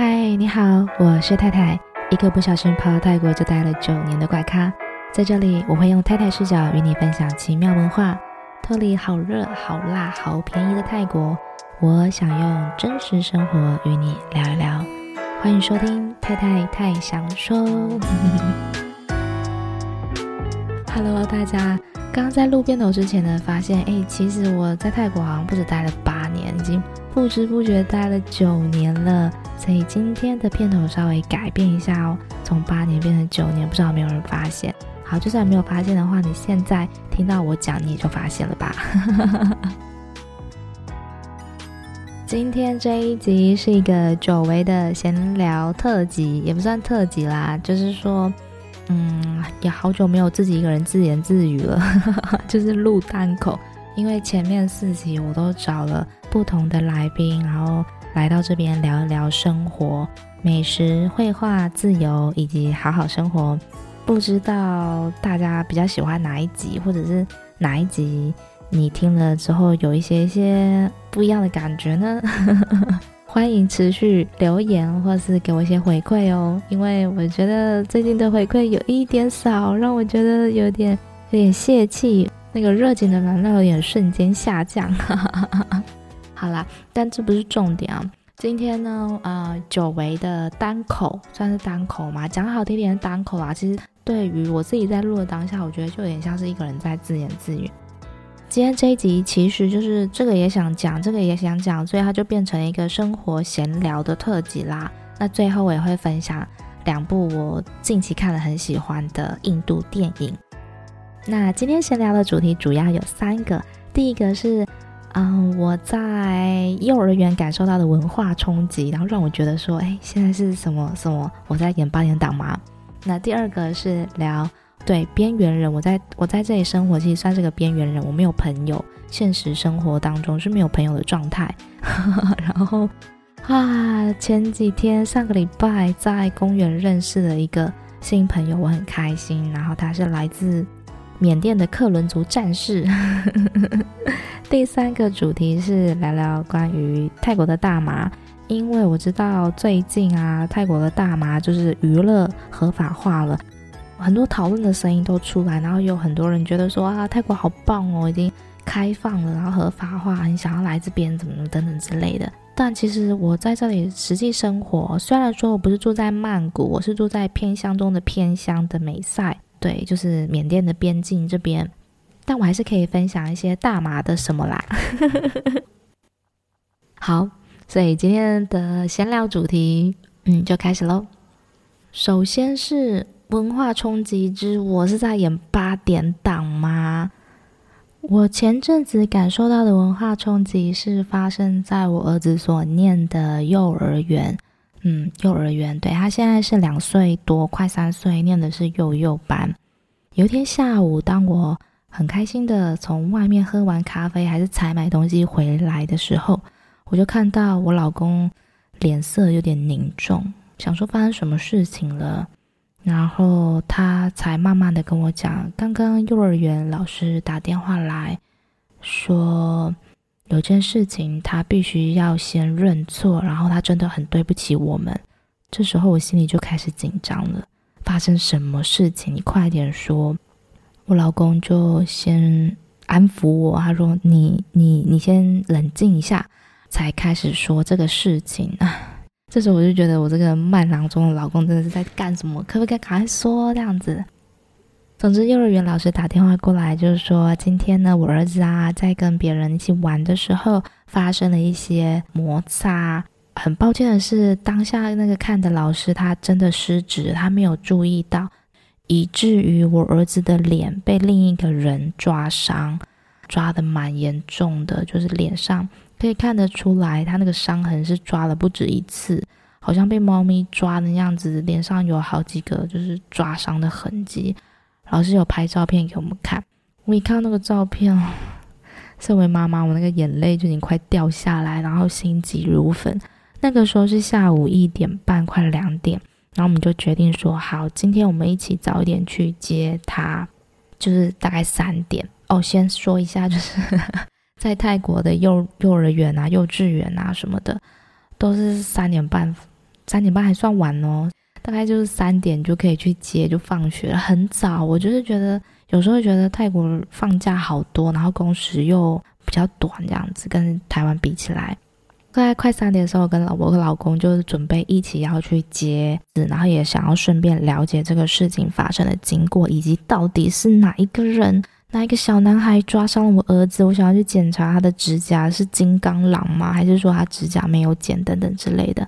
嗨，你好，我是太太，一個不小心跑到泰國就待了九年的怪咖，在這裡我會用太太視角與你分享奇妙文化，特立好熱好辣好便宜的泰國，我想用真實生活與你聊一聊，歡迎收聽太太太享受。 Hello，大家，剛剛在錄片頭之前呢，發現哎、欸，其實我在泰國好像不止待了八年，已經。不知不覺待了九年了，所以今天的片頭稍微改變一下哦，從八年變成九年，不知道有沒有人發現？好，就算沒有發現的話，你現在聽到我講，你也就發現了吧。 今天這一集是一個久違的閒聊特輯，也不算特輯啦，就是說，嗯，也好久沒有自己一個人自言自語了， 就是錄單口，因為前面四集我都找了。不同的來賓，然後來到這邊聊一聊生活、美食、繪畫、自由以及好好生活。不知道大家比較喜歡哪一集，或者是哪一集你聽了之後有一些一些不一樣的感覺呢？ 歡迎持續留言，或是給我一些回饋哦，因為我覺得最近的回饋有一點少，讓我覺得有點有點洩氣，那個熱情的燃料也瞬間下降。 好了，但這不是重點啊。今天呢，呃，久違的單口，算是單口嘛？講好聽點是單口啦。其實對於我自己在錄的當下，我覺得就有點像是一個人在自言自語。今天這一集其實就是這個也想講，這個也想講，所以它就變成一個生活閒聊的特輯啦。那最後我也會分享兩部我近期看了很喜歡的印度電影。那今天閒聊的主題主要有三個，第一個是。嗯，我在幼兒園感受到的文化衝擊，然後讓我覺得說，哎，現在是什麼什麼？我在演八點檔嗎？那第二個是聊對邊緣人，我在我在這裡生活，其實算是個邊緣人，我沒有朋友，現實生活當中是沒有朋友的狀態。 然後啊，前幾天上個禮拜在公園認識了一個新朋友，我很開心。然後他是來自。緬甸的克倫族戰士。 第三個主題是聊聊關於泰國的大麻，因為我知道最近啊，泰國的大麻就是娛樂合法化了，很多討論的聲音都出來，然後也有很多人覺得說啊，泰國好棒哦，已經開放了，然後合法化，很想要來這邊怎麼怎麼等等之類的。但其實我在這裡實際生活，雖然說我不是住在曼谷，我是住在偏鄉中的偏鄉的美塞。對，就是緬甸的邊境這邊，但我還是可以分享一些大麻的什麼啦。 好，所以今天的閒聊主題，嗯，就開始嘍。首先是文化衝擊之我是在演八點檔嗎？我前陣子感受到的文化衝擊是發生在我兒子所念的幼兒園。嗯，幼兒園，對，他現在是兩歲多，快三歲，念的是幼幼班。有一天下午，當我很開心的從外面喝完咖啡還是採買東西回來的時候，我就看到我老公臉色有點凝重，想說發生什麼事情了，然後他才慢慢的跟我講，剛剛幼兒園老師打電話來說，有件事情，他必須要先認錯，然後他真的很對不起我們。這時候我心裡就開始緊張了，發生什麼事情？你快點說！我老公就先安撫我，他說：“你你你先冷靜一下。”才開始說這個事情啊。 這時候我就覺得我這個慢郎中的老公真的是在幹什麼？可不可以趕快說這樣子？總之，幼兒園老師打電話過來就，就是說今天呢，我兒子啊在跟別人一起玩的時候，發生了一些摩擦。很抱歉的是，當下那個看的老師他真的失職，他沒有注意到，以至於我兒子的臉被另一個人抓傷，抓得蠻嚴重的，就是臉上可以看得出來，他那個傷痕是抓了不止一次，好像被貓咪抓的樣子，臉上有好幾個就是抓傷的痕跡。老師有拍照片給我們看，我一看到那個照片，哦，身為媽媽，我那個眼淚就已經快掉下來，然後心急如焚。那個時候是下午一點半，快兩點，然後我們就決定說好，今天我們一起早一點去接他，就是大概三點。哦，先說一下，就是 在泰國的幼幼兒園啊、幼稚園啊什麼的，都是三點半，三點半還算晚哦。大概就是三點就可以去接，就放學了，很早。我就是覺得有時候覺得泰國放假好多，然後工時又比較短，這樣子跟台灣比起來。大概快三點的時候，我跟老婆和老公就是準備一起要去接，然後也想要順便了解這個事情發生的經過，以及到底是哪一個人，哪一個小男孩抓傷了我兒子。我想要去檢查他的指甲是金剛狼嗎？還是說他指甲沒有剪等等之類的。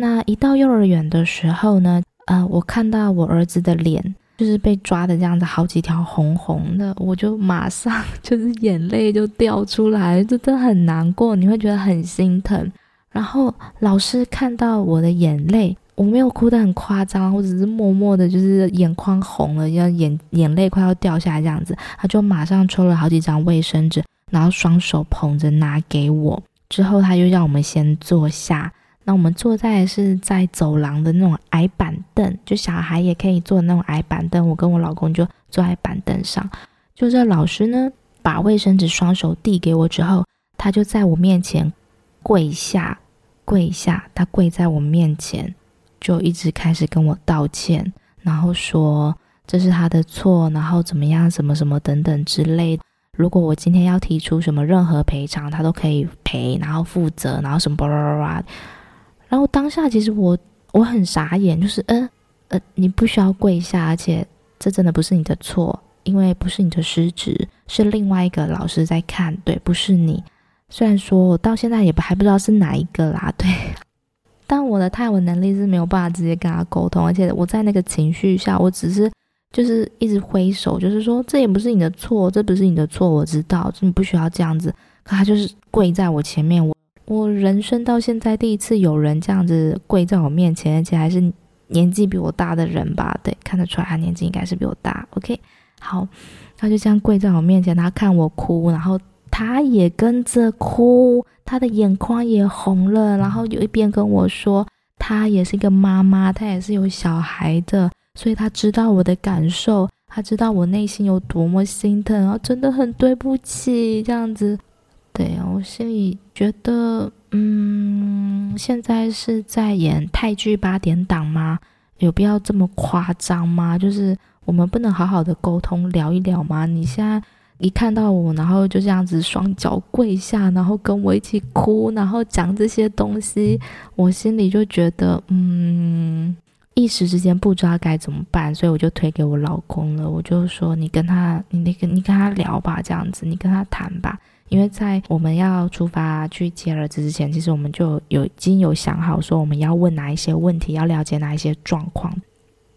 那一到幼兒園的時候呢，呃，我看到我兒子的臉就是被抓的這樣子，好幾條紅紅的，我就馬上就是眼淚就掉出來，真的很難過，你會覺得很心疼。然後老師看到我的眼淚，我沒有哭得很誇張，我只是默默的，就是眼眶紅了，要眼眼淚快要掉下來這樣子，他就馬上抽了好幾張衛生紙，然後雙手捧着拿給我，之後他又讓我們先坐下。那我們坐在的是在走廊的那種矮板凳，就小孩也可以坐的那種矮板凳。我跟我老公就坐矮板凳上，就這老師呢，把衛生紙雙手遞給我之後，他就在我面前跪下，跪下，他跪在我面前，就一直開始跟我道歉，然後說這是他的錯，然後怎麼樣，什麼什麼等等之類的。如果我今天要提出什麼任何賠償，他都可以賠，然後負責，然後什麼巴拉巴拉。然後當下其實我我很傻眼，就是呃，呃，你不需要跪下，而且這真的不是你的錯，因為不是你的失職，是另外一個老師在看，對，不是你。雖然說我到現在也不還不知道是哪一個啦，對。但我的泰文能力是沒有辦法直接跟他溝通，而且我在那個情緒下，我只是就是一直揮手，就是說這也不是你的錯，這不是你的錯，我知道，你不需要這樣子。可他就是跪在我前面，我。我人生到現在第一次有人這樣子跪在我面前，而且還是年紀比我大的人吧？對，看得出來他年紀應該是比我大。OK，好，他就這樣跪在我面前，他看我哭，然後他也跟着哭，他的眼眶也紅了，然後有一邊跟我說，他也是一個媽媽，他也是有小孩的，所以他知道我的感受，他知道我內心有多麼心疼，然後真的很對不起，這樣子。對呀，我心裡覺得，嗯，現在是在演泰劇八點檔嗎？有必要這麼誇張嗎？就是我們不能好好的溝通聊一聊嗎？你現在一看到我，然後就這樣子雙腳跪下，然後跟我一起哭，然後講這些東西，我心裡就覺得，嗯，一時之間不知道該怎麼辦，所以我就推給我老公了。我就說，你跟他，你那個，你跟他聊吧，這樣子，你跟他談吧。因為在我們要出發去接兒子之前，其實我們就有已經有想好說我們要問哪一些問題，要了解哪一些狀況。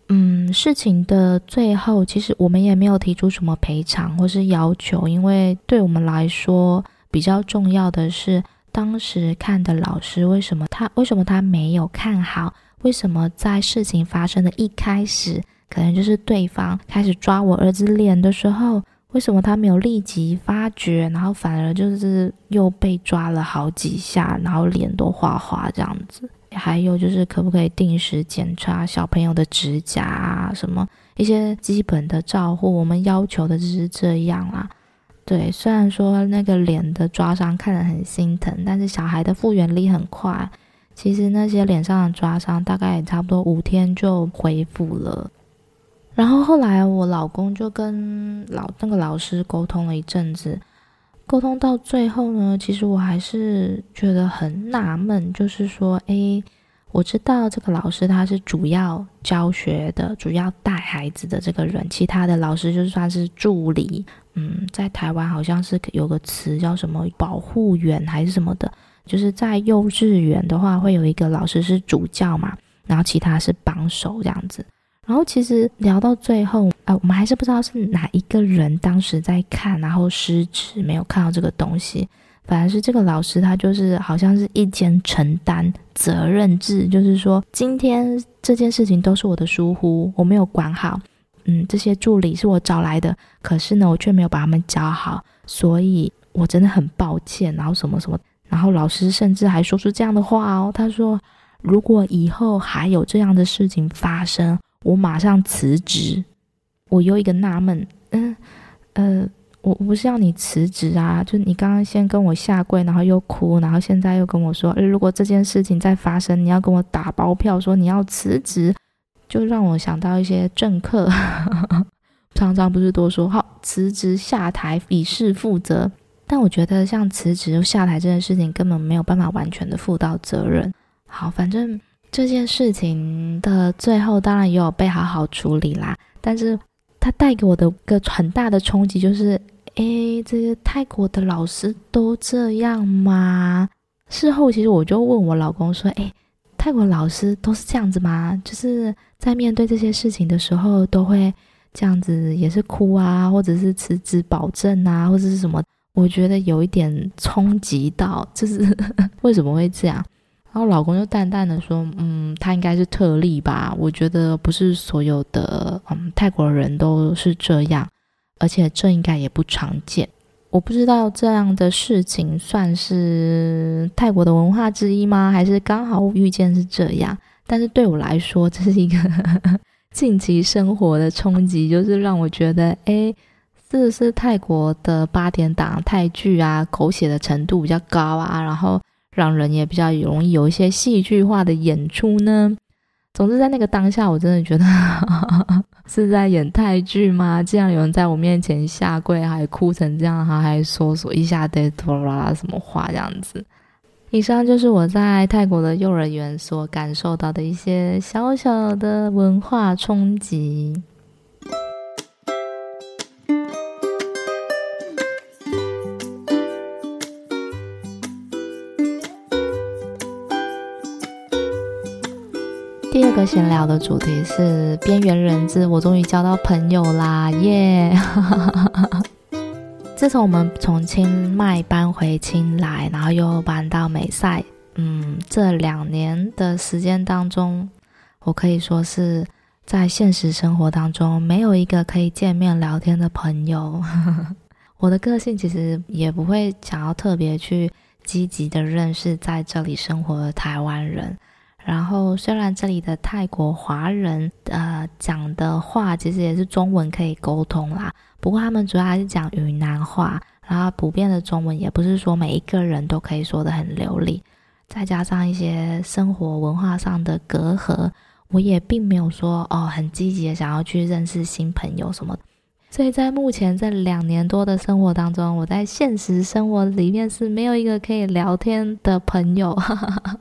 嗯，事情的最後，其實我們也沒有提出什麼賠償或是要求，因為對我們來說比較重要的是，當時看的老師為什麼他，為什麼他沒有看好，為什麼在事情發生的一開始，可能就是對方開始抓我兒子臉的時候。為什麼他沒有立即發覺，然後反而就是又被抓了好幾下，然後臉都花花這樣子？還有就是可不可以定時檢查小朋友的指甲啊？什麼一些基本的照護，我們要求的就是這樣啦，啊。對，雖然說那個臉的抓傷看得很心疼，但是小孩的復原力很快，其實那些臉上的抓傷大概也差不多五天就恢復了。然後後來，我老公就跟老那個老師溝通了一陣子，溝通到最後呢，其實我還是覺得很納悶，就是說，誒，我知道這個老師他是主要教學的，主要帶孩子的這個人，其他的老師就算是助理。嗯，在台灣好像是有個詞叫什麼保護員還是什麼的，就是在幼稚園的話，會有一個老師是主教嘛，然後其他是幫手這樣子。然後其實聊到最後啊，呃，我們還是不知道是哪一個人當時在看，然後失職沒有看到這個東西，反而是這個老師他就是好像是一肩承擔責任制，就是說今天這件事情都是我的疏忽，我沒有管好，嗯，這些助理是我找來的，可是呢我卻沒有把他們教好，所以我真的很抱歉。然後什麼什麼，然後老師甚至還說出這樣的話哦，他說如果以後還有這樣的事情發生。我馬上辭職。我有一個納悶，嗯，呃，我我不是要你辭職啊，就你剛剛先跟我下跪，然後又哭，然後現在又跟我說，呃，如果這件事情再發生，你要跟我打包票說你要辭職，就讓我想到一些政客，呵呵，常常不是多說好辭職下台以示負責，但我覺得像辭職下台這件事情根本沒有辦法完全的負到責任。好，反正。這件事情的最後當然也有被好好處理啦，但是它帶給我的個很大的衝擊就是，誒，這個泰國的老師都這樣嗎？事後其實我就問我老公說，誒，泰國老師都是這樣子嗎？就是在面對這些事情的時候都會這樣子，也是哭啊，或者是辭職保證啊，或者是什麼？我覺得有一點衝擊到，就是，呵呵，為什麼會這樣？然後老公就淡淡的說：“嗯，他應該是特例吧。我覺得不是所有的嗯泰國人都是這樣，而且這應該也不常見。我不知道這樣的事情算是泰國的文化之一嗎？還是剛好遇見是這樣？但是對我來說，這是一個 近期生活的衝擊，就是讓我覺得，哎，這是泰國的八點檔泰劇啊，狗血的程度比較高啊，然後。”讓人也比較容易有一些戲劇化的演出呢。總之，在那個當下，我真的覺得 是在演泰劇嗎？竟然有人在我面前下跪，還哭成這樣，還還說說一下得哆啦啦什麼話這樣子。以上就是我在泰國的幼兒園所感受到的一些小小的文化衝擊。閒聊的主題是邊緣人之，我終於交到朋友啦耶！自從我們從清邁搬回清萊，然後又搬到美賽，嗯，這兩年的時間當中，我可以說是在現實生活當中沒有一個可以見面聊天的朋友。 我的個性其實也不會想要特別去積極的認識在這裡生活的台灣人。然後，雖然這裡的泰國華人呃講的話其實也是中文可以溝通啦，不過他們主要還是講云南話，然後普遍的中文也不是說每一個人都可以說的很流利，再加上一些生活文化上的隔閡，我也並沒有說哦很積極的想要去認識新朋友什麼的，所以在目前這兩年多的生活當中，我在現實生活裡面是沒有一個可以聊天的朋友，呵呵，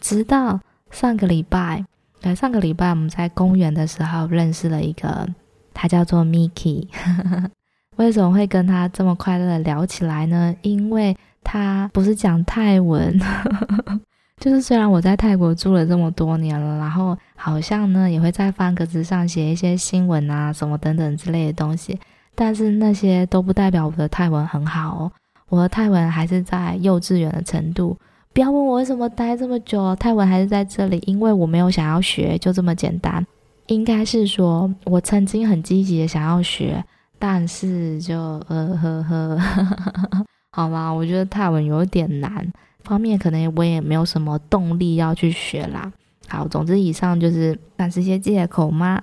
直到。上個禮拜，對，上個禮拜我們在公園的時候認識了一個，他叫做 Miki。 為什麼會跟他這麼快樂的聊起來呢？因為他不是講泰文， 就是雖然我在泰國住了這麼多年了，然後好像呢也會在方格子上寫一些新聞啊什麼等等之類的東西，但是那些都不代表我的泰文很好哦，我的泰文還是在幼稚園的程度。不要問我為什麼待這麼久，泰文還是在這裡，因為我沒有想要學，就這麼簡單。應該是說，我曾經很積極的想要學，但是就呃呵，呵呵， 好嗎？我覺得泰文有點難，方面可能我也沒有什麼動力要去學啦。好，總之以上就是，那是些借口嗎？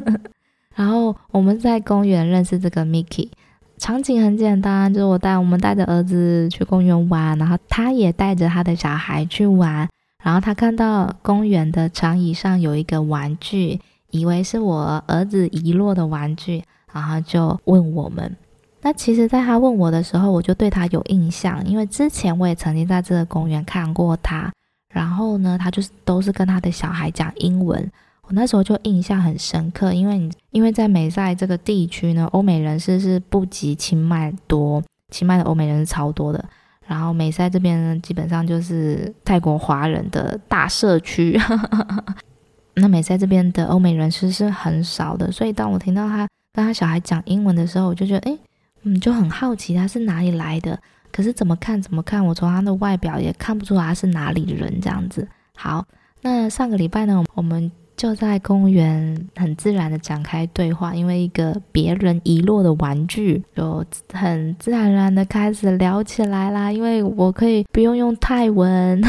然後我們在公園認識這個 Mickey。場景很簡單，就是我帶我們帶着兒子去公園玩，然後他也帶着他的小孩去玩。然後他看到公園的長椅上有一個玩具，以為是我兒子遺落的玩具，然後就問我們。那其實，在他問我的時候，我就對他有印象，因為之前我也曾經在這個公園看過他。然後呢，他就是都是跟他的小孩講英文。那時候就印象很深刻，因為你因為在美賽這個地區呢，歐美人士是不及清邁多，清邁的歐美人是超多的。然後美賽這邊呢基本上就是泰國華人的大社區， 那美賽這邊的歐美人士是很少的。所以當我聽到他跟他小孩講英文的時候，我就覺得，哎、欸，嗯，就很好奇他是哪裡來的。可是怎麼看怎麼看，我從他的外表也看不出他是哪裡的人這樣子。好，那上個禮拜呢，我，我們。就在公園，很自然的展開對話，因為一個別人遺落的玩具，就很自然而然的開始聊起來啦。因為我可以不用用泰文。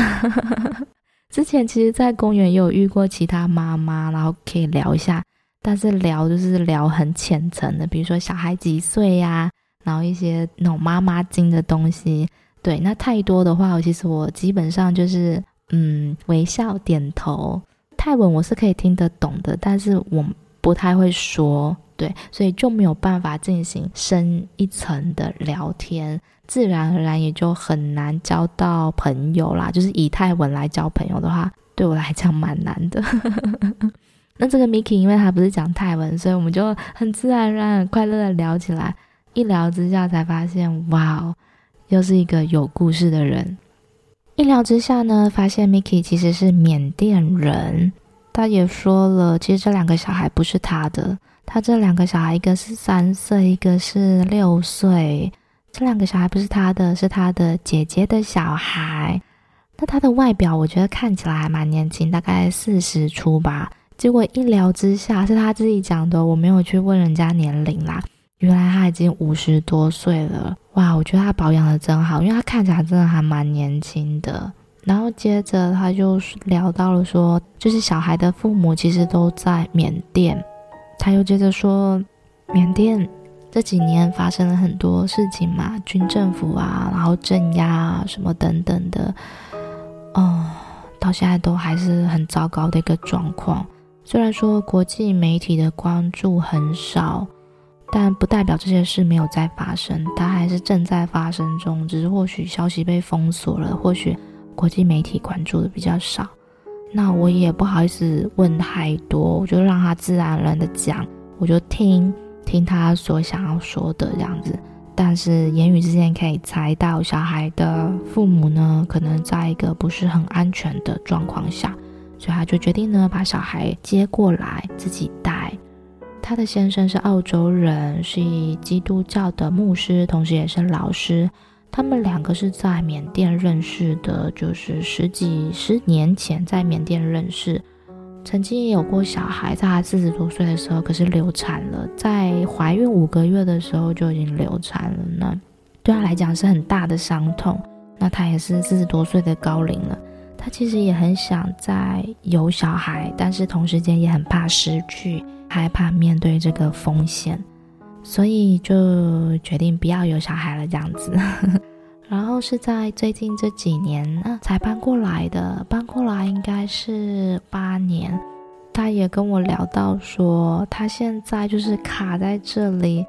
之前其實，在公園也有遇過其他媽媽，然後可以聊一下，但是聊就是聊很淺層的，比如說小孩幾歲呀、啊，然後一些那種媽媽經的東西。對，那太多的話，我其實我基本上就是嗯，微笑點頭。泰文我是可以聽得懂的，但是我不太會說，對，所以就沒有辦法進行深一層的聊天，自然而然也就很難交到朋友啦。就是以泰文來交朋友的話，對我來講蠻難的。 那這個 Miki，因為他不是講泰文，所以我們就很自然而然、很快樂的聊起來。一聊之下才發現，哇，又是一個有故事的人。意料之下呢，發現 m i k i 其實是緬甸人，他也說了，其實這兩個小孩不是他的，他這兩個小孩一個是三歲，一個是六歲，這兩個小孩不是他的，是他的姐姐的小孩。那他的外表我覺得看起來還蠻年輕，大概四十出吧。結果一聊之下是他自己講的，我沒有去問人家年齡啦。原來他已經五十多歲了，哇！我覺得他保養得真好，因為他看起來真的還蠻年輕的。然後接着他就聊到了說，就是小孩的父母其實都在緬甸。他又接着說，緬甸這幾年發生了很多事情嘛，軍政府啊，然後鎮壓啊什麼等等的，嗯、哦，到現在都還是很糟糕的一個狀況。雖然說國際媒體的關注很少。但不代表這些事沒有在發生，它還是正在發生中，只是或許消息被封鎖了，或許國際媒體關注的比較少。那我也不好意思問太多，我就讓他自然而然地講，我就聽聽他所想要說的這樣子。但是言語之間可以猜到，小孩的父母呢，可能在一個不是很安全的狀況下，所以他就決定呢，把小孩接過來自己帶。他的先生是澳洲人，是基督教的牧師，同時也是老師。他們兩個是在緬甸認識的，就是十幾十年前在緬甸認識，曾經也有過小孩，在他四十多歲的時候，可是流產了，在懷孕五個月的時候就已經流產了呢。對他來講是很大的傷痛。那他也是四十多歲的高齡了。他其實也很想再有小孩，但是同時間也很怕失去，害怕面對這個風險，所以就決定不要有小孩了。這樣子， 然後是在最近這幾年，啊，才搬過來的，搬過來應該是八年。他也跟我聊到說，他現在就是卡在這裡。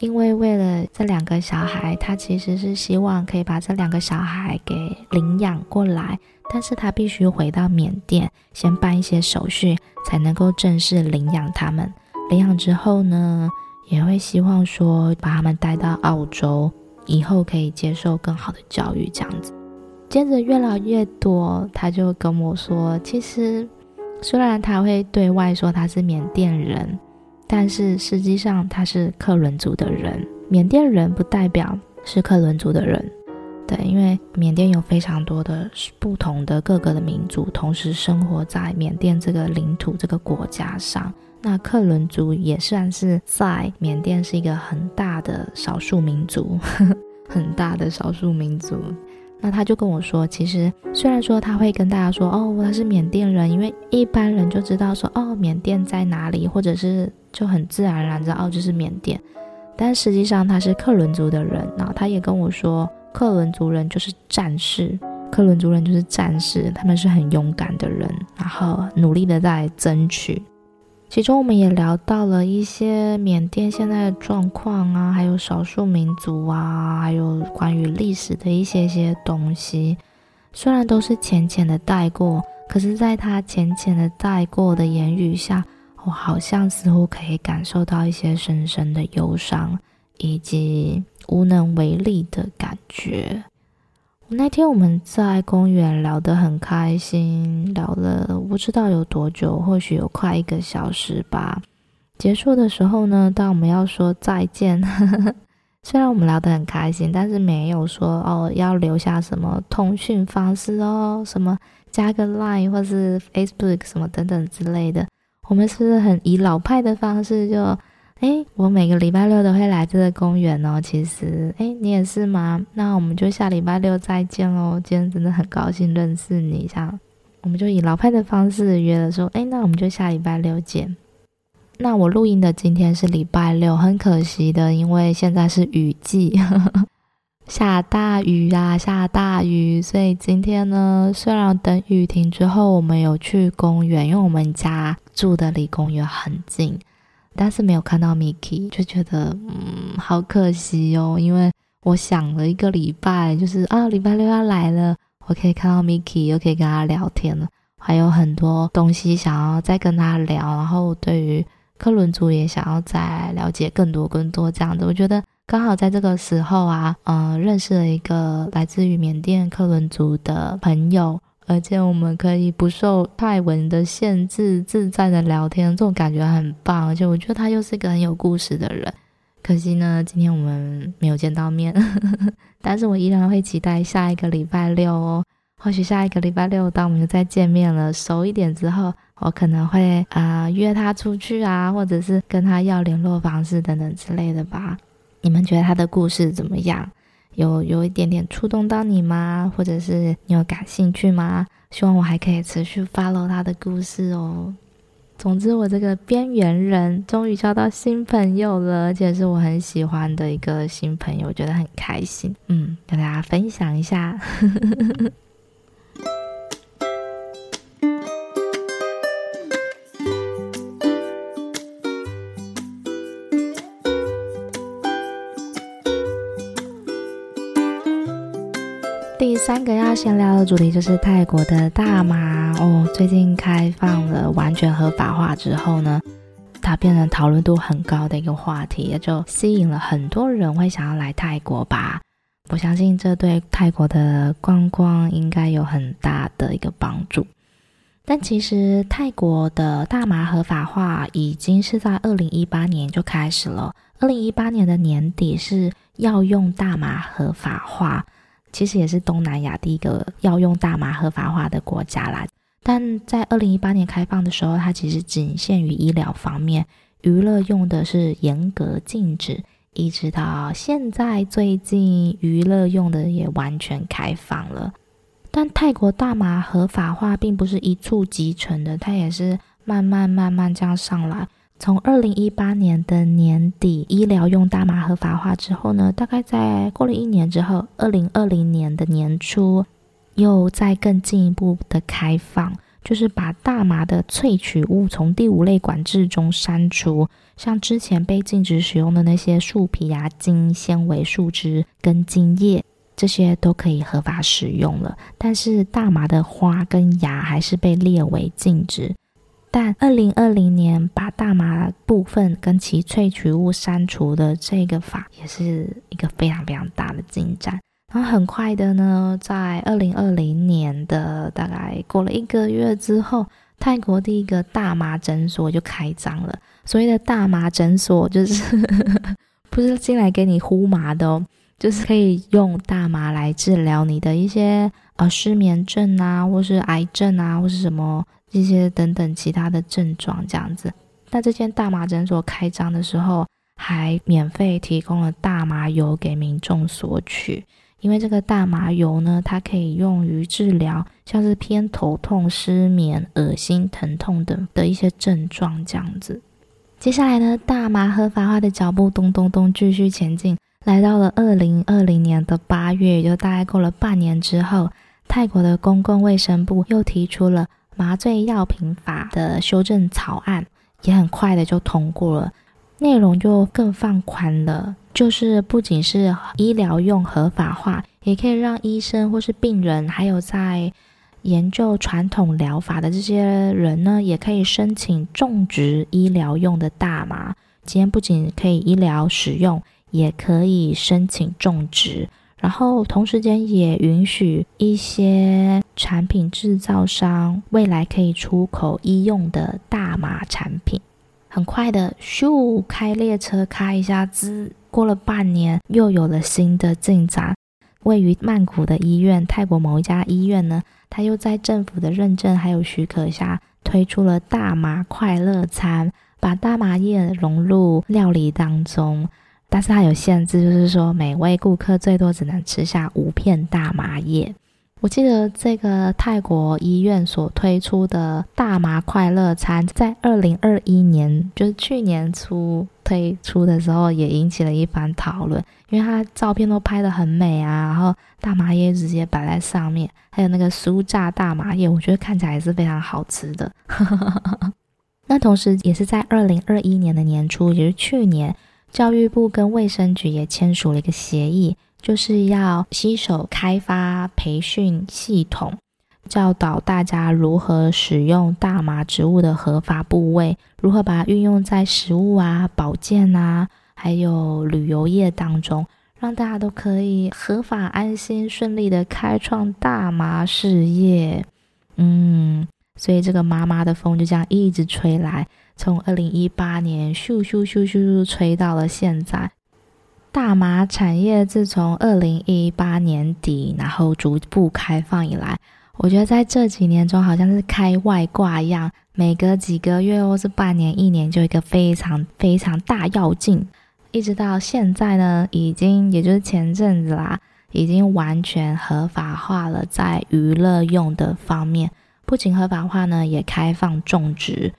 因為為了這兩個小孩，他其實是希望可以把這兩個小孩給領養過來，但是他必須回到緬甸先辦一些手續，才能夠正式領養他們。領養之後呢，也會希望說把他們帶到澳洲，以後可以接受更好的教育這樣子。接着越來越多，他就跟我說，其實雖然他會對外說他是緬甸人，但是實際上他是克倫族的人，緬甸人不代表是克倫族的人，對，因為緬甸有非常多的不同的各個的民族，同時生活在緬甸這個領土這個國家上，那克倫族也算是在緬甸是一個很大的少數民族，呵呵，很大的少數民族。那他就跟我說，其實雖然說他會跟大家說，哦，他是緬甸人，因為一般人就知道說，哦，緬甸在哪裡，或者是就很自然而然知道，哦，就是緬甸。但實際上他是克倫族的人。然後他也跟我說，克倫族人就是戰士，克倫族人就是戰士，他們是很勇敢的人，然後努力的在爭取。其中我們也聊到了一些緬甸現在的狀況啊，還有少數民族啊，還有關於歷史的一些些東西。雖然都是淺淺的帶過，可是，在他淺淺的帶過的言語下，我好像似乎可以感受到一些深深的憂傷，以及無能為力的感覺。那天我們在公園聊得很開心，聊了不知道有多久，或許有快一個小時吧。結束的時候呢，當我們要說再見，呵呵呵，雖然我們聊得很開心，但是沒有說哦要留下什麼通訊方式哦，什麼加個 Line 或是 Facebook 什麼等等之類的。我們是不是很以老派的方式就？哎，我每個禮拜六都會來這個公園哦。其實，哎，你也是嗎？那我們就下禮拜六再見嘍。今天真的很高興認識你，這樣我們就以老派的方式約了，說，哎，那我們就下禮拜六見。那我錄音的今天是禮拜六，很可惜的，因為現在是雨季，呵呵。下大雨啊，下大雨。所以今天呢，雖然等雨停之後，我們有去公園，因為我們家住的離公園很近。但是沒有看到 Miki，就覺得嗯，好可惜哦，因為我想了一個禮拜，就是啊禮拜六要來了，我可以看到 Miki，又可以跟他聊天了，還有很多東西想要再跟他聊，然後對於克倫族也想要再了解更多更多這樣子，我覺得剛好在這個時候啊，嗯，認識了一個來自於緬甸克倫族的朋友。而且我們可以不受泰文的限制，自在的聊天，這種感覺很棒。而且我覺得他又是一個很有故事的人，可惜呢，今天我們沒有見到面，呵呵呵，但是我依然會期待下一個禮拜六哦。或許下一個禮拜六當我們就再見面了，熟一點之後，我可能會啊、呃、約他出去啊，或者是跟他要聯絡方式等等之類的吧。你們覺得他的故事怎麼樣？有有一點點觸動到你嗎？或者是你有感興趣嗎？希望我還可以持續 follow 他的故事哦。總之，我這個邊緣人終於交到新朋友了，而且是我很喜歡的一個新朋友，我覺得很開心。嗯，跟大家分享一下。 第三個要先聊的主題就是泰國的大麻哦，最近開放了完全合法化之後呢，它變成討論度很高的一個話題，也就吸引了很多人會想要來泰國吧。我相信這對泰國的觀光應該有很大的一個幫助。但其實泰國的大麻合法化已經是在二零一八年就開始了，二零一八年的年底是藥用大麻合法化。其實也是東南亞第一個藥用大麻合法化的國家啦，但在二零一八年開放的時候，它其實僅限於醫療方面，娛樂用的是嚴格禁止，一直到現在最近娛樂用的也完全開放了。但泰國大麻合法化並不是一蹴即成的，它也是慢慢慢慢這樣上來。從二零一八年的年底，醫療用大麻合法化之後呢，大概在過了一年之後，二零二零年的年初，又再更進一步的開放，就是把大麻的萃取物從第五類管制中刪除，像之前被禁止使用的那些樹皮、啊、芽、莖、纖維跟樹脂、樹枝根莖葉這些都可以合法使用了，但是大麻的花跟芽還是被列為禁止。但二零二零年把大麻的部分跟其萃取物刪除的這個法也是一個非常非常大的進展。然後很快的呢，在二零二零年的大概過了一個月之後，泰國第一個大麻診所就開張了。所謂的大麻診所就是 不是進來給你呼麻的哦，就是可以用大麻來治療你的一些呃失眠症啊，或是癌症啊，或是什麼。這些等等其他的症狀這樣子。那這間大麻診所開張的時候，還免費提供了大麻油給民眾索取，因為這個大麻油呢，它可以用於治療像是偏頭痛、失眠、噁心、疼痛等的、的一些症狀這樣子。接下來呢，大麻合法化的腳步咚咚咚、咚繼續前進，來到了二零二零年的八月，也就大概過了半年之後，泰國的公共衛生部又提出了，麻醉藥品法的修正草案也很快的就通過了，內容就更放寬了，就是不僅是醫療用合法化，也可以讓醫生或是病人，還有在研究傳統療法的這些人呢，也可以申請種植醫療用的大麻。今天不僅可以醫療使用，也可以申請種植。然後，同時間也允許一些產品製造商未來可以出口醫用的大麻產品。很快的，咻，開列車開一下子，之過了半年，又有了新的進展。位於曼谷的醫院，泰國某一家醫院呢，他又在政府的認證還有許可下，推出了大麻快樂餐，把大麻葉融入料理當中。但是它有限制，就是說每位顧客最多只能吃下五片大麻葉。我記得這個泰國醫院所推出的“大麻快樂餐”在二零二一年，就是去年初推出的時候，也引起了一番討論，因為它照片都拍得很美啊，然後大麻葉直接擺在上面，還有那個酥炸大麻葉，我覺得看起來也是非常好吃的。 那同時，也是在二零二一年的年初，也就是去年。教育部跟衛生局也簽署了一個協議，就是要攜手開發培訓系統，教導大家如何使用大麻植物的合法部位，如何把它運用在食物啊、保健啊，還有旅遊業當中，讓大家都可以合法、安心、順利的開創大麻事業。嗯。所以這個媽媽的風就這樣一直吹來，從二零一八年咻咻咻咻咻吹到了現在。大麻產業自從二零一八年底然後逐步開放以來，我覺得在這幾年中好像是開外掛一樣，每隔幾個月或是半年、一年就一個非常非常大躍進。一直到現在呢，已經也就是前陣子啦，已經完全合法化了，在娛樂用的方面。不僅合法化呢，也開放種植。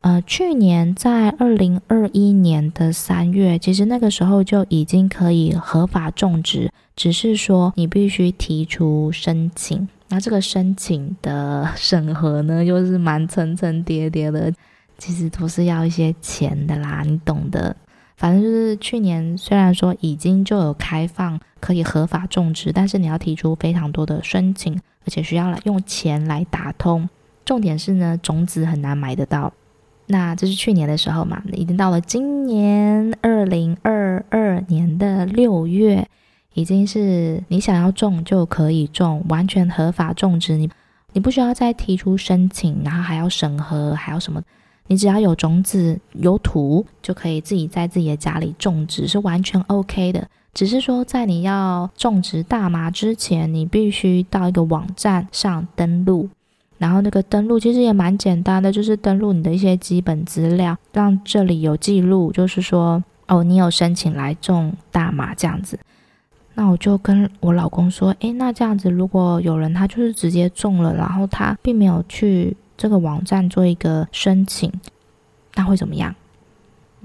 呃，去年在二零二一年的三月，其實那個時候就已經可以合法種植，只是說你必須提出申請。那這個申請的審核呢，又、就是蠻層層疊疊的，其實都是要一些錢的啦，你懂的。反正就是去年，雖然說已經就有開放。可以合法種植，但是你要提出非常多的申請，而且需要來用錢來打通。重點是呢，種子很難買得到。那這是去年的時候嘛，已經到了今年二零二二年的六月，已經是你想要種就可以種，完全合法種植。你你不需要再提出申請，然後還要審核，還要什麼？你只要有種子、有土，就可以自己在自己的家裡種植，是完全 OK 的。只是說，在你要種植大麻之前，你必須到一個網站上登錄，然後那個登錄其實也蠻簡單的，就是登錄你的一些基本資料，讓這裡有記錄，就是說，哦，你有申請來種大麻這樣子。那我就跟我老公說，誒，那這樣子，如果有人他就是直接種了，然後他並沒有去這個網站做一個申請，那會怎麼樣？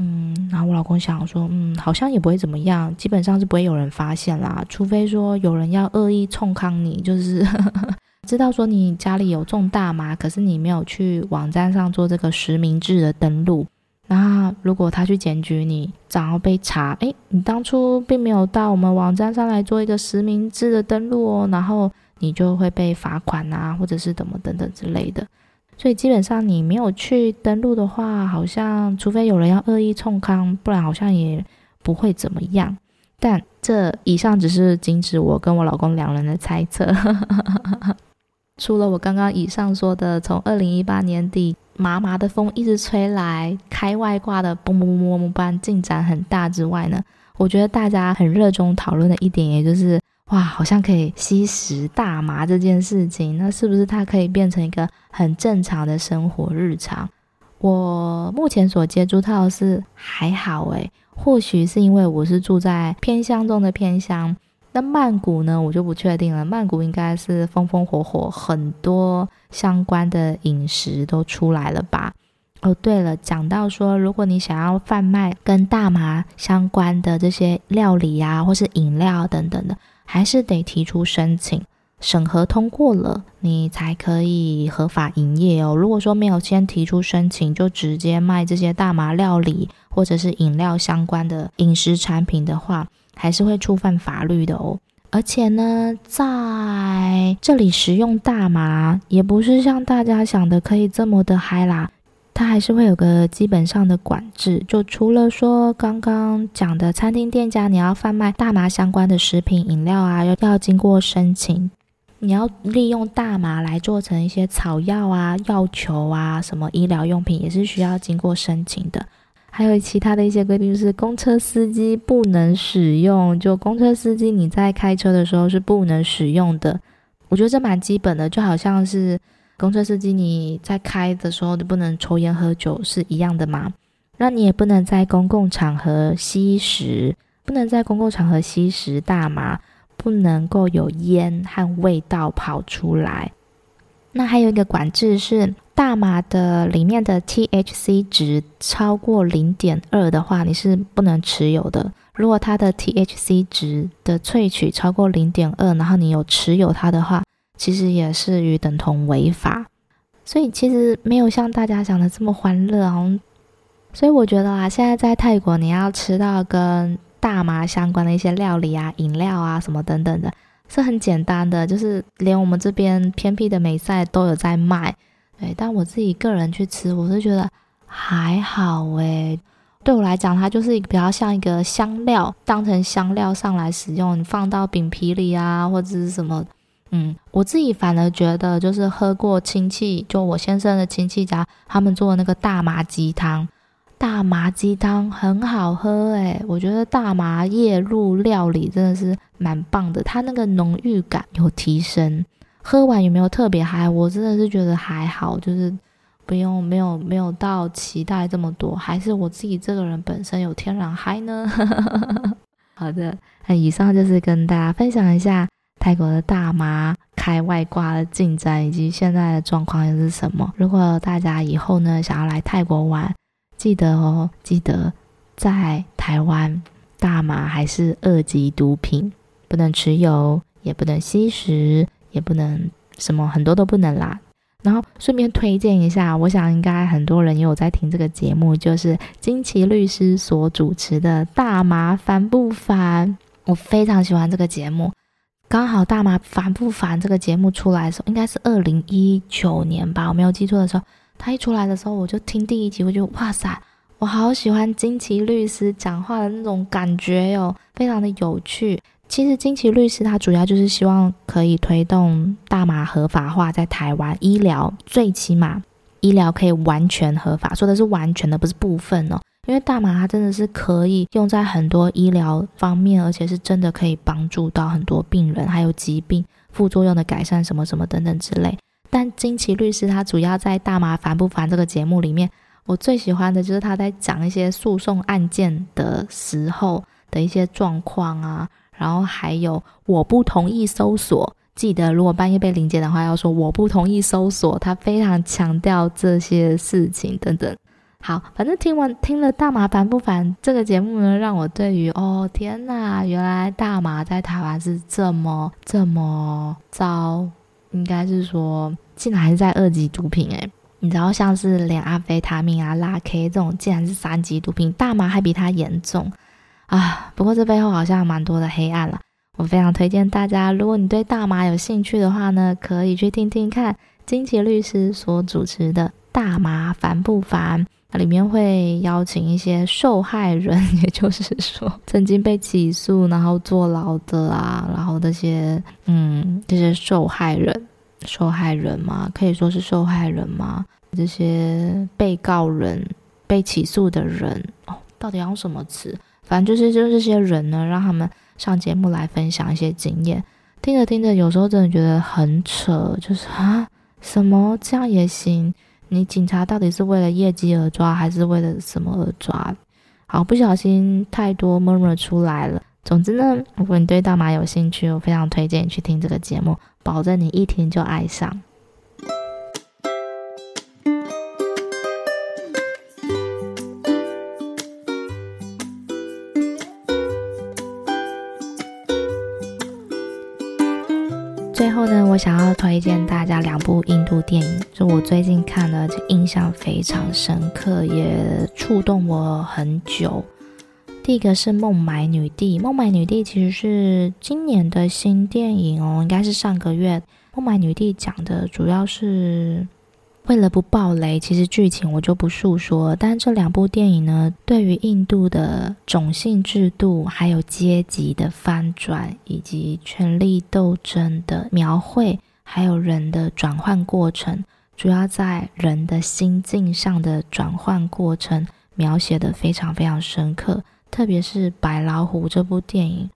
嗯，然後我老公想說，嗯，好像也不會怎麼樣，基本上是不會有人發現啦，除非說有人要惡意衝康你，就是呵呵知道說你家裡有種大麻，可是你沒有去網站上做這個實名制的登錄，然後如果他去檢舉你，然後被查，誒，你當初並沒有到我們網站上來做一個實名制的登錄哦，然後你就會被罰款啊，或者是怎麼等等之類的。所以基本上，你沒有去登錄的話，好像除非有人要惡意沖康，不然好像也不會怎麼樣。但這以上只是僅止我跟我老公兩人的猜測。 除了我剛剛以上說的，從二零一八年底，麻麻的風一直吹來，開外掛的嘣嘣嘣嘣嘣般進展很大之外呢，我覺得大家很熱衷討論的一點，也就是。哇，好像可以吸食大麻這件事情，那是不是它可以變成一個很正常的生活日常？我目前所接觸到的是還好誒，或許是因為我是住在偏鄉中的偏鄉。那曼谷呢，我就不確定了。曼谷應該是風風火火，很多相關的飲食都出來了吧。哦，對了，講到說，如果你想要販賣跟大麻相關的這些料理啊，或是飲料等等的。還是得提出申請，審核通過了，你才可以合法營業哦。如果說沒有先提出申請，就直接賣這些大麻料理或者是飲料相關的飲食產品的話，還是會觸犯法律的哦。而且呢，在這裡食用大麻也不是像大家想的可以這麼的嗨啦。它還是會有個基本上的管制，就除了說剛剛講的餐廳店家，你要販賣大麻相關的食品飲料啊，要要經過申請。你要利用大麻來做成一些草藥啊、藥球啊、什麼醫療用品，也是需要經過申請的。還有其他的一些規定就是公車司機不能使用，就公車司機你在開車的時候是不能使用的。我覺得這蠻基本的，就好像是。公車司機你在開的時候，你不能抽烟喝酒是一樣的嗎？那你也不能在公共場合吸食，不能在公共場合吸食大麻，不能夠有煙和味道跑出來。那還有一個管制是大麻的裡面的 THC 值超過零點二的話，你是不能持有的。如果它的 THC 值的萃取超過零點二，然後你有持有它的話。其實也是與等同違法，所以其實沒有像大家想的這麼歡樂。哦，所以我覺得啊，現在在泰國你要吃到跟大麻相關的一些料理啊、飲料啊什麼等等的，是很簡單的，就是連我們這邊偏僻的美賽都有在賣。但我自己個人去吃，我是覺得還好誒，對我來講，它就是比較像一個香料，當成香料上來使用，你放到餅皮裡啊，或者是什麼。嗯，我自己反而覺得，就是喝過親戚，就我先生的親戚家他們做的那個大麻雞湯，大麻雞湯很好喝誒，我覺得大麻葉入料理真的是蠻棒的，它那個濃郁感有提升，喝完有沒有特別嗨？我真的是覺得還好，就是不用沒有沒有到期待這麼多，還是我自己這個人本身有天然嗨呢。 好的，那以上就是跟大家分享一下。泰國的大麻開外掛的進展以及現在的狀況又是什麼？如果大家以後呢想要來泰國玩，記得哦，記得在台灣大麻還是二級毒品，不能持有，也不能吸食，也不能什麼，很多都不能啦。然後順便推薦一下，我想應該很多人也有在聽這個節目，就是金奇律師所主持的《大麻煩不煩》，我非常喜歡這個節目。剛好大麻煩不煩這個節目出來的時候，應該是二零一九年吧，我沒有記錯的時候，他一出來的時候，我就聽第一集，我就哇塞，我好喜歡菁琪律師講話的那種感覺喲、哦，非常的有趣。其實菁琪律師他主要就是希望可以推動大麻合法化，在台灣醫療最起碼醫療可以完全合法，說的是完全的，不是部分哦。因為大麻它真的是可以用在很多醫療方面，而且是真的可以幫助到很多病人，還有疾病副作用的改善，什麼什麼等等之類。但金奇律師他主要在《大麻煩不煩》這個節目裡面，我最喜歡的就是他在講一些訴訟案件的時候的一些狀況啊，然後還有我不同意搜索，記得如果半夜被臨檢的話，要說我不同意搜索。他非常強調這些事情等等。好，反正聽完聽了《大麻煩不煩》這個節目呢，讓我對於哦天吶原來大麻在台灣是這麼這麼糟，應該是說竟然還是在二級毒品誒你知道像是連安非他命啊、拉 K 這種，竟然是三級毒品，大麻還比它嚴重啊。不過這背後好像蠻多的黑暗了，我非常推薦大家，如果你對大麻有興趣的話呢，可以去聽聽看金奇律師所主持的《大麻煩不煩》。它裡面會邀請一些受害人，也就是說，曾經被起訴然後坐牢的啊，然後那些嗯，這些受害人，受害人嘛，可以說是受害人嗎？這些被告人，被起訴的人哦，到底要用什麼詞？反正就是，就是這些人呢，讓他們上節目來分享一些經驗。聽着聽着，有時候真的覺得很扯，就是啊，什麼這樣也行。你警察到底是為了業績而抓，還是為了什麼而抓？好，不小心太多 murmur 出來了。總之呢，如果你對大麻有興趣，我非常推薦你去聽這個節目，保證你一聽就愛上。想要推薦大家兩部印度電影，就我最近看了，就印象非常深刻，也觸動我很久。第一個是《孟買女帝》，《孟買女帝》其實是今年的新電影哦，應該是上個月。《孟買女帝》講的主要是。為了不暴雷，其實劇情我就不述說。但是這兩部電影呢，對於印度的種姓制度，還有階級的翻轉以及權力鬥爭的描繪，還有人的轉換過程，主要在人的心境上的轉換過程描寫的非常非常深刻，特別是《白老虎》這部電影。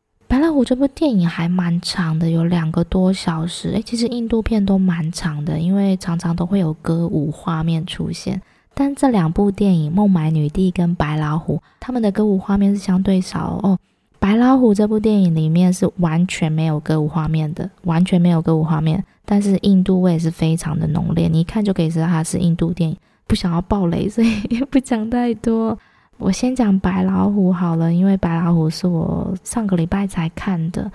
白老虎這部電影還蠻長的，有兩個多小時。哎，其實印度片都蠻長的，因為常常都會有歌舞畫面出現。但這兩部電影《孟買女帝》跟《白老虎》，他們的歌舞畫面是相對少哦。《白老虎》這部電影裡面是完全沒有歌舞畫面的，完全沒有歌舞畫面。但是印度味是非常的濃烈，你一看就可以知道它是印度電影。不想要暴雷，所以也不講太多。我先講白老虎好了，因為白老虎是我上個禮拜才看的。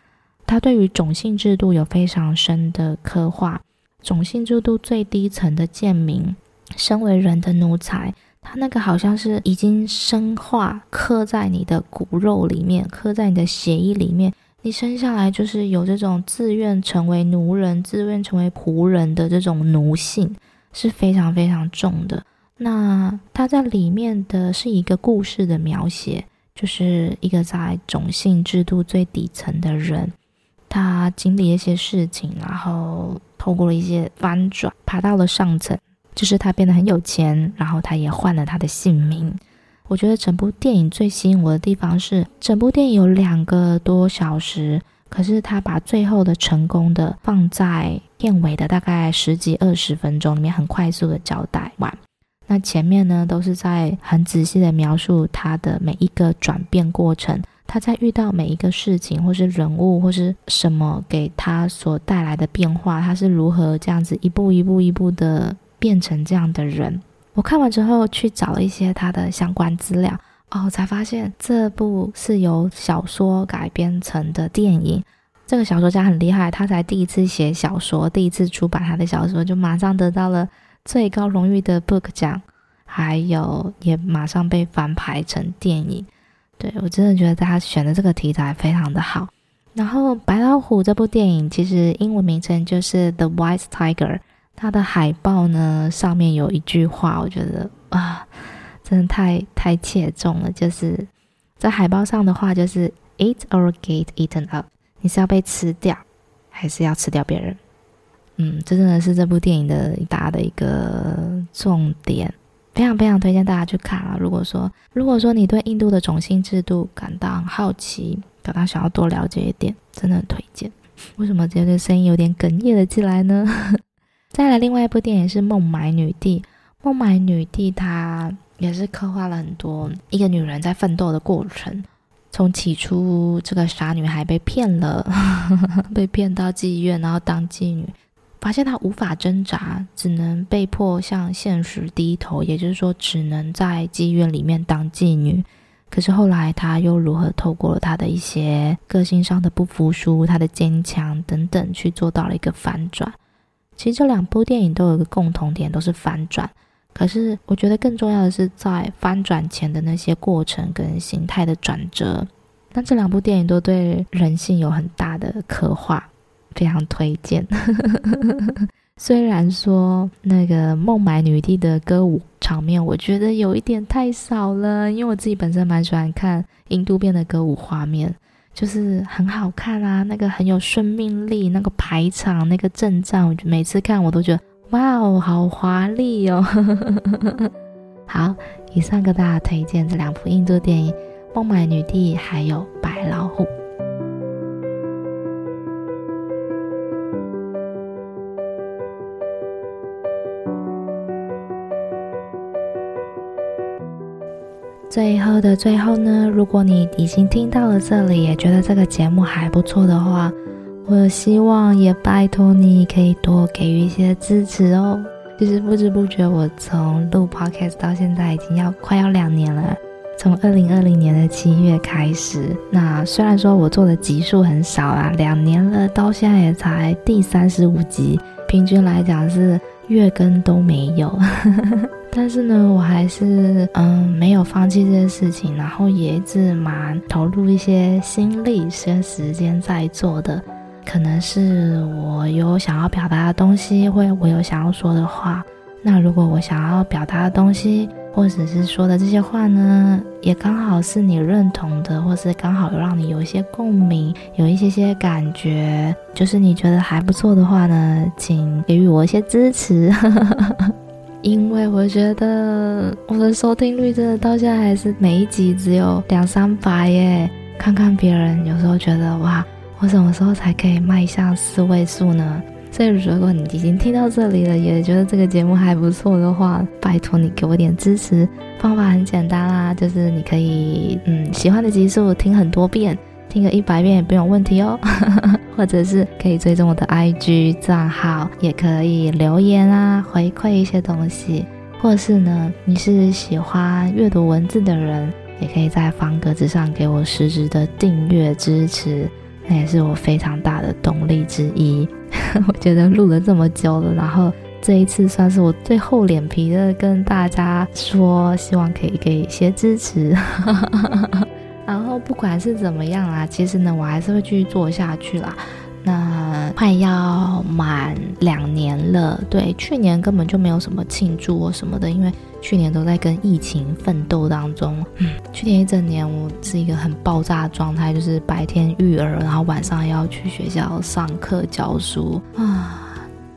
他對於種姓制度有非常深的刻畫。種姓制度最低層的賤民，身為人的奴才，他那個好像是已經深化刻在你的骨肉裡面，刻在你的血液裡面。你生下來就是有這種自願成為奴人、自願成為僕人的這種奴性，是非常非常重的。那他在裡面的是一個故事的描寫，就是一個在種姓制度最底層的人，他經歷一些事情，然後透過了一些翻轉，爬到了上層，就是他變得很有錢，然後他也換了他的姓名。我覺得整部電影最吸引我的地方是，整部電影有兩個多小時，可是他把最後的成功的放在片尾的大概十幾二十分鐘裡面，很快速的交代完。那前面呢，都是在很仔細的描述他的每一個轉變過程，他在遇到每一個事情，或是人物，或是什麼給他所帶來的變化，他是如何這樣子一步一步一步的變成這樣的人。我看完之後去找了一些他的相關資料，哦，才發現這部是由小說改編成的電影。這個小說家很厲害，他才第一次寫小說，第一次出版他的小說，就馬上得到了。最高榮譽的 Book 獎，還有也馬上被翻拍成電影。對，我真的覺得他選的這個題材非常的好。然後《白老虎》這部電影其實英文名稱就是 The White Tiger，它的海報呢，上面有一句話，我覺得啊，真的太太切中了，就是在海報上的話就是 “Eat or get eaten up”，你是要被吃掉，還是要吃掉別人？嗯，這真的是這部電影的一大的一個重點，非常非常推薦大家去看啊！如果說，如果說你對印度的種姓制度感到很好奇，感到想要多了解一點，真的很推薦。為什麼覺得這聲音有點哽咽了起來呢？ 再來，另外一部電影是《孟買女帝》。《孟買女帝》它也是刻畫了很多一個女人在奮鬥的過程，從起初這個傻女孩被騙了， 被騙到妓院，然後當妓女。發現她無法掙扎，只能被迫向現實低頭，也就是說，只能在妓院裡面當妓女。可是後來，她又如何透過了她的一些個性上的不服輸、她的堅強等等，去做到了一個反轉？其實這兩部電影都有一個共同點，都是反轉。可是我覺得更重要的是在翻轉前的那些過程跟形態的轉折。但這兩部電影都對人性有很大的刻畫。非常推薦。 雖然說那個孟買女帝的歌舞場面，我覺得有一點太少了。因為我自己本身蠻喜歡看印度片的歌舞畫面，就是很好看啊，那個很有生命力，那個排場，那個陣仗，我就每次看我都覺得哇哦，好華麗哦。 好，以上給大家推薦這兩部印度電影《孟買女帝》還有《白老虎》。最後的最後呢，如果你已經聽到了這裡，也覺得這個節目還不錯的話，我希望也拜托你可以多給予一些支持哦。其實不知不覺，我從錄 Podcast 到現在已經要快要兩年了，從二零二零年的七月開始。那雖然說我做的集數很少啦、啊，兩年了，到現在也才第三十五集，平均來講是月更都沒有。 但是呢，我還是嗯沒有放棄這件事情，然後也一直蠻投入一些心力跟時間在做的。可能是我有想要表達的東西，或者我有想要說的話。那如果我想要表達的東西，或者是說的這些話呢，也剛好是你認同的，或是剛好讓你有一些共鳴，有一些些感覺，就是你覺得還不錯的話呢，請給予我一些支持。 因為我覺得我的收聽率真的到現在還是每一集只有兩三百耶，看看別人有時候覺得哇，我什麼時候才可以邁向四位數呢？所以如果你已經聽到這裡了，也覺得這個節目還不錯的話，拜托你給我點支持，方法很簡單啦、啊，就是你可以嗯喜歡的集數聽很多遍。聽個一百遍也沒有問題哦， 或者是可以追蹤我的 IG 賬號，也可以留言啊，回饋一些東西，或是呢，你是喜歡閱讀文字的人，也可以在方格子上給我實質的訂閱支持，那也是我非常大的動力之一。 我覺得錄了這麼久了，然後這一次算是我最厚臉皮的跟大家說，希望可以給一些支持。 然後不管是怎麼樣啊，其實呢，我還是會繼續做下去啦。那快要滿兩年了，對，去年根本就沒有什麼慶祝啊什麼的，因為去年都在跟疫情奮鬥當中。嗯，去年一整年我是一個很爆炸的狀態，就是白天育兒，然後晚上要去學校上課教書啊。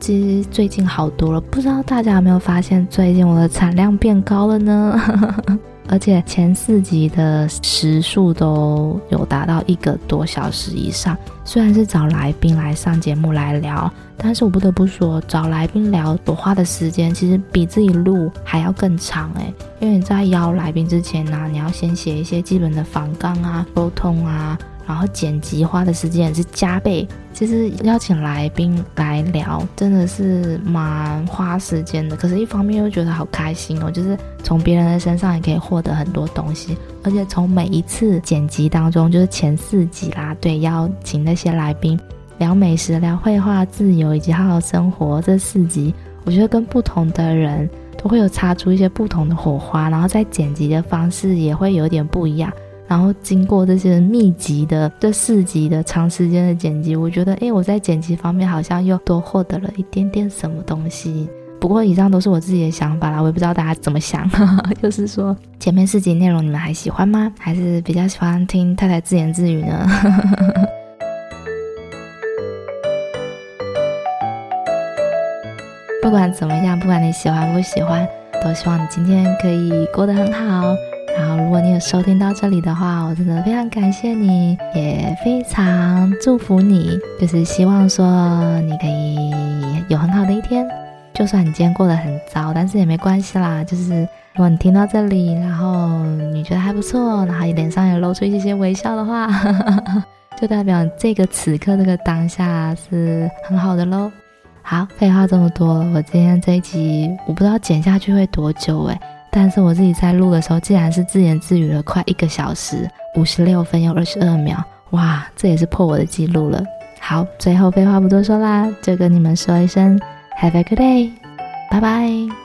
其實最近好多了，不知道大家有沒有發現，最近我的產量變高了呢？ 而且前四集的時數都有達到一個多小時以上，雖然是找來賓來上節目來聊，但是我不得不說，找來賓聊多花的時間，其實比自己錄還要更長。欸、因為你在邀來賓之前呢，啊，你要先寫一些基本的訪綱啊、溝通啊。然後剪輯花的時間也是加倍，其實邀請來賓來聊真的是蠻花時間的。可是，一方面又覺得好開心哦，就是從別人的身上也可以獲得很多東西，而且從每一次剪輯當中，就是前四集啦，對，邀請那些來賓聊美食、聊繪畫、自由以及好好生活這四集，我覺得跟不同的人都會有擦出一些不同的火花，然後在剪輯的方式也會有點不一樣。然後經過這些密集的這四集的長時間的剪輯，我覺得，哎，我在剪輯方面好像又多獲得了一點點什麼東西。不過以上都是我自己的想法啦，我也不知道大家怎麼想。 就是說前面四集內容你們還喜歡嗎？還是比較喜歡聽太太自言自語呢？ 不管怎麼樣，不管你喜歡不喜歡，都希望你今天可以過得很好。然後，如果你有收聽到這裡的話，我真的非常感謝你，也非常祝福你。就是希望說你可以有很好的一天。就算你今天過得很糟，但是也沒關係啦。就是如果你聽到這裡，然後你覺得還不錯，然後臉上也露出一些些微笑的話， 就代表這個此刻這個當下是很好的嘍。好，廢話這麼多，我今天這一集我不知道剪下去會多久誒、欸但是我自己在錄的時候，竟然是自言自語了快一個小時，五十六分又二十二秒，哇，這也是破我的記錄了。好，最後廢話不多說啦，就跟你們說一聲，Have a good day，拜拜。